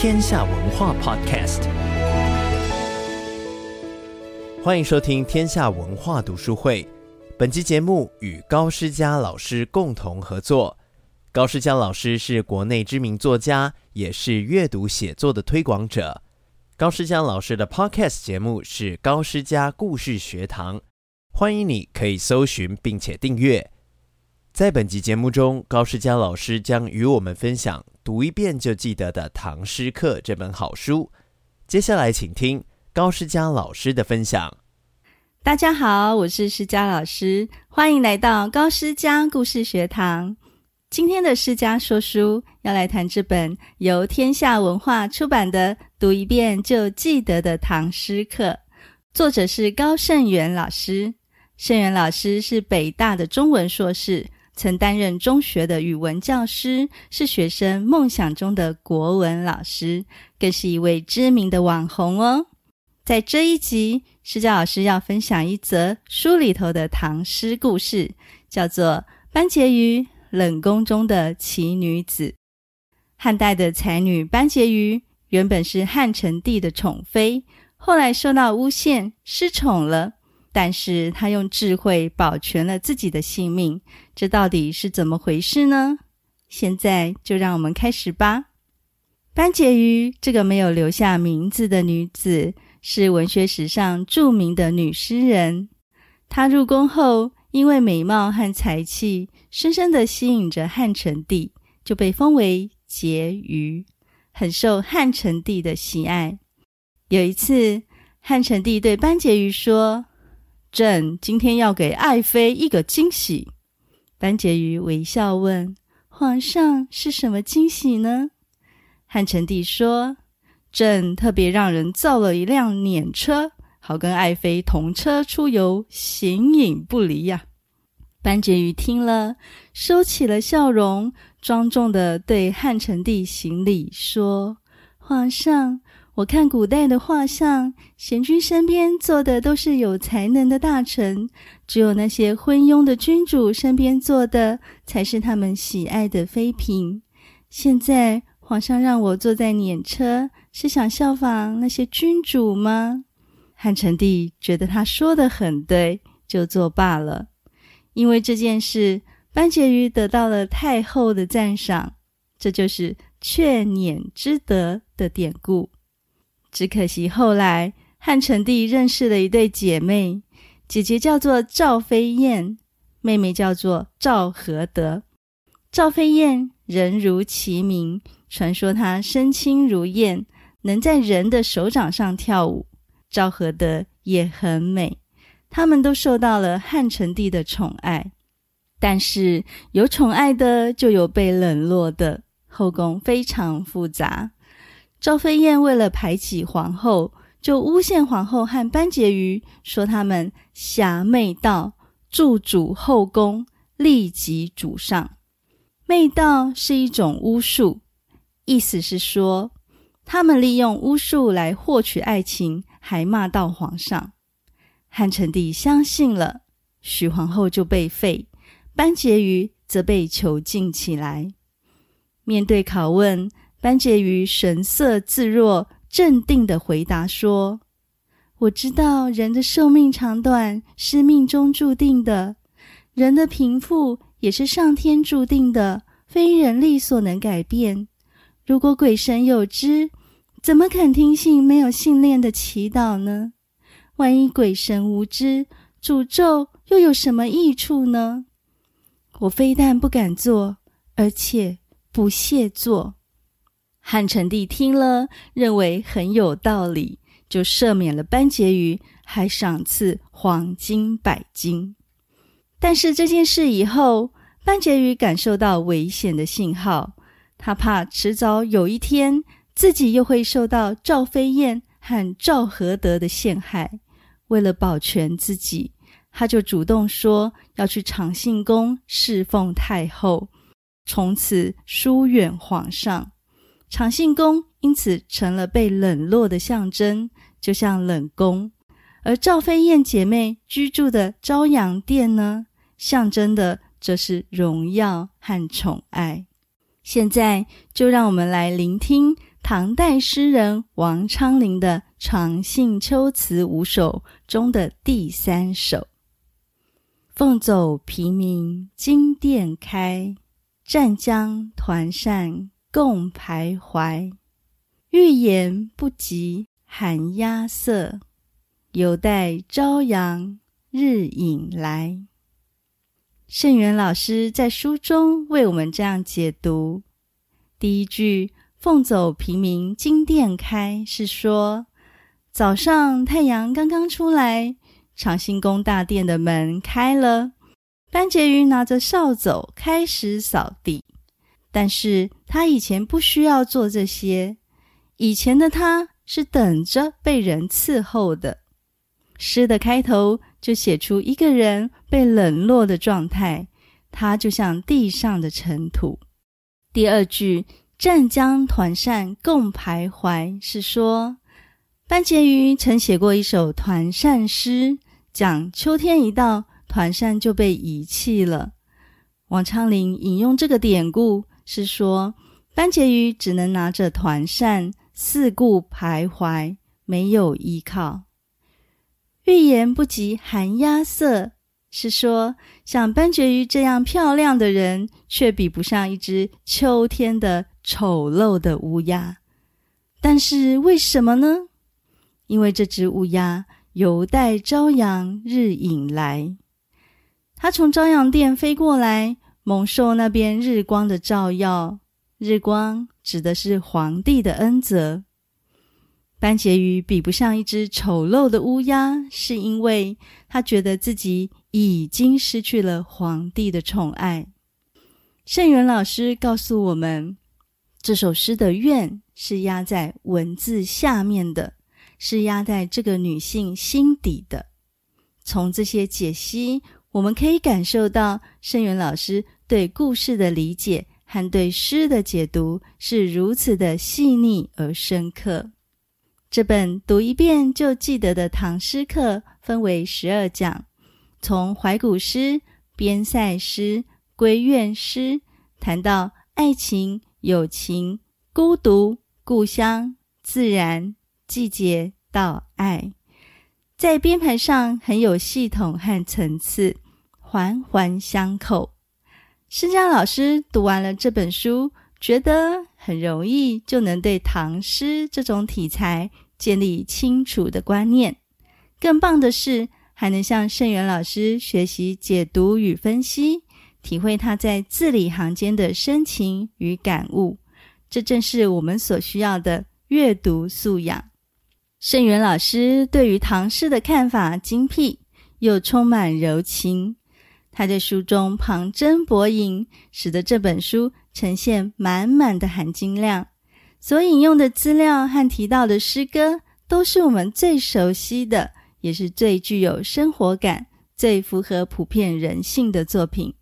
天下文化 Podcast，歡迎收聽天下文化讀書會。本期節目與高詩佳老師共同合作。高詩佳老師是國內知名作家，也是閱讀寫作的推廣者。高詩佳老師的 Podcast 節目是高詩佳故事學堂，歡迎你可以搜尋並且訂閱。在本集節目中，高詩佳老師將與我們分享《讀一遍就記得的唐詩課》這本好書。接下來，請聽高詩佳老師的分享。大家好，我是詩佳老師，歡迎來到高詩佳故事學堂。今天的詩佳說書要來談這本由天下文化出版的《讀一遍就記得的唐詩課》，作者是高盛元老師。盛元老師是北大的中文碩士。曾擔任中學的語文教師，是學生夢想中的國文老師，更是一位知名的網紅哦。在這一集，詩佳老師要分享一則書裡頭的唐詩故事，叫做《班婕妤冷宮中的奇女子》。漢代的才女班婕妤原本是漢成帝的寵妃，後來受到誣陷，失寵了。但是她用智慧保全了自己的性命，這到底是怎麼回事呢？現在就讓我們開始吧。班婕妤這個沒有留下名字的女子是文學史上著名的女詩人。她入宮後，因為美貌和才氣，深深地吸引着漢成帝，就被封為婕妤，很受漢成帝的喜愛。有一次，漢成帝對班婕妤說。朕今天要給愛妃一個驚喜。班婕妤微笑問：“皇上是什麼驚喜呢？”漢成帝說：“朕特別讓人造了一輛輦車，好跟愛妃同車出遊，形影不離呀、啊。”班婕妤聽了，收起了笑容，莊重地對漢成帝行禮說：“皇上。”我看古代的畫像，賢君身邊坐的都是有才能的大臣，只有那些昏庸的君主身邊坐的才是他們喜愛的妃嬪。現在皇上讓我坐在輦車，是想效仿那些君主嗎？漢成帝覺得他說得很對，就作罷了。因為這件事，班婕妤得到了太後的讚賞，這就是“卻輦之德”的典故。只可惜後來漢成帝認識了一對姐妹，姐姐叫做趙飛燕，妹妹叫做趙合德。趙飛燕人如其名，傳說她身輕如燕，能在人的手掌上跳舞。趙合德也很美，他們都受到了漢成帝的寵愛。但是有寵愛的就有被冷落的，後宮非常複雜。趙飛燕為了排擠皇後，就誣陷皇後和班婕妤說，他們挾媚道祝詛後宮，詈及主上。媚道是一種巫術，意思是說他們利用巫術來獲取愛情，還罵到皇上。漢成帝相信了，許皇後就被廢，班婕妤則被囚禁起來，面對拷問，班婕妤神色自若、鎮定地回答說：“我知道人的壽命長短是命中注定的，人的貧富也是上天注定的，非人力所能改變。如果鬼神有知，怎麼肯聽信沒有信念的祈禱呢？萬一鬼神無知，詛咒又有什麼益處呢？我非但不敢做，而且不屑做。”漢成帝聽了，認為很有道理，就赦免了班婕妤，還賞賜黃金百斤。但是這件事以後，班婕妤感受到危險的信號，她怕遲早有一天自己又會受到趙飛燕和趙合德的陷害。為了保全自己，她就主動說要去長信宮侍奉太後，從此疏遠皇上。長信宮因此成了被冷落的象徵，就像冷宮；而趙飛燕姐妹居住的昭陽殿呢，象徵的則是榮耀和寵愛。現在就讓我們來聆聽唐代詩人王昌齡的《長信秋詞五首》中的第三首：“奉帚平明金殿開，暫將團扇。”共徘徊，玉顏不及寒鴉色，猶帶昭陽日影來。盛元老師在書中為我們這樣解讀：第一句“奉帚平明金殿開”是說，早上太陽剛剛出來，長信宮大殿的門開了，班婕妤拿着掃帚開始掃地。但是他以前不需要做這些，以前的他是等着被人伺候的。詩的開頭就寫出一個人被冷落的狀態，他就像地上的塵土。第二句“暫將團扇共徘徊”是說，班婕妤曾寫過一首團扇詩，講秋天一到，團扇就被遺棄了。王昌齡引用這個典故，是說，班婕妤只能拿着團扇四顧徘徊，沒有依靠。玉顏不及寒鴉色，是說像班婕妤這樣漂亮的人，卻比不上一隻秋天的醜陋的烏鴉。但是為什麼呢？因為這隻烏鴉猶帶昭陽日影來，它從昭陽殿飛過來。蒙受那邊日光的照耀，日光指的是皇帝的恩澤。班婕妤比不上一隻醜陋的烏鴉，是因為她覺得自己已經失去了皇帝的寵愛。盛元老師告訴我們，這首詩的怨是壓在文字下面的，是壓在這個女性心底的。從這些解析，我們可以感受到盛元老師。對故事的理解和對詩的解讀是如此的細膩而深刻。這本讀一遍就記得的唐詩課分為十二講，從懷古詩、邊塞詩、閨怨詩談到愛情、友情、孤獨、故鄉、自然、季節到愛，在編排上很有系統和層次，環環相扣。詩佳老師讀完了這本書，覺得很容易就能對唐詩這種題材建立清楚的觀念。更棒的是，還能向盛元老師學習解讀與分析，體會他在字裡行間的深情與感悟。這正是我們所需要的閱讀素養。盛元老師對於唐詩的看法精闢，又充滿柔情。他在書中旁徵博引，使得這本書呈現滿滿的含金量。所引用的資料和提到的詩歌，都是我們最熟悉的，也是最具有生活感、最符合普遍人性的作品。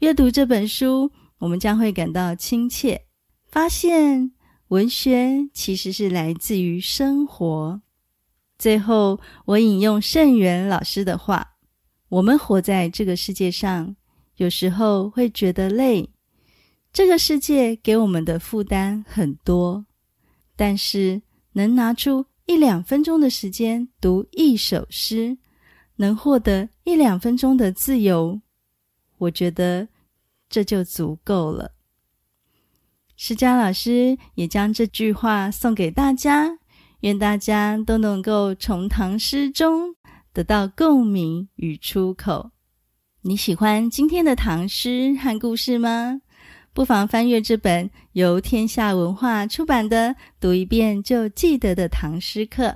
閱讀這本書，我們將會感到親切，發現文學其實是來自於生活。最後，我引用盛元老師的話。我們活在這個世界上，有時候會覺得累。這個世界給我們的負擔很多，但是能拿出一兩分鐘的時間讀一首詩，能獲得一兩分鐘的自由，我覺得這就足夠了。詩佳老師也將這句話送給大家，願大家都能夠從唐詩中，得到共鳴與出口。你喜歡今天的唐詩和故事嗎？不妨翻閱這本由天下文化出版的《讀一遍就記得的唐詩課》。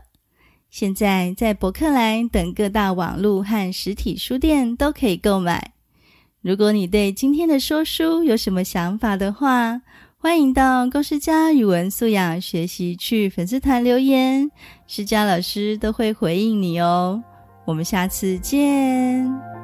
現在在博客來等各大網絡和實體書店都可以購買。如果你對今天的說書有什麼想法的話，歡迎到高詩佳語文素養學習區粉絲團留言，詩佳老師都會回應你哦。我們下次見。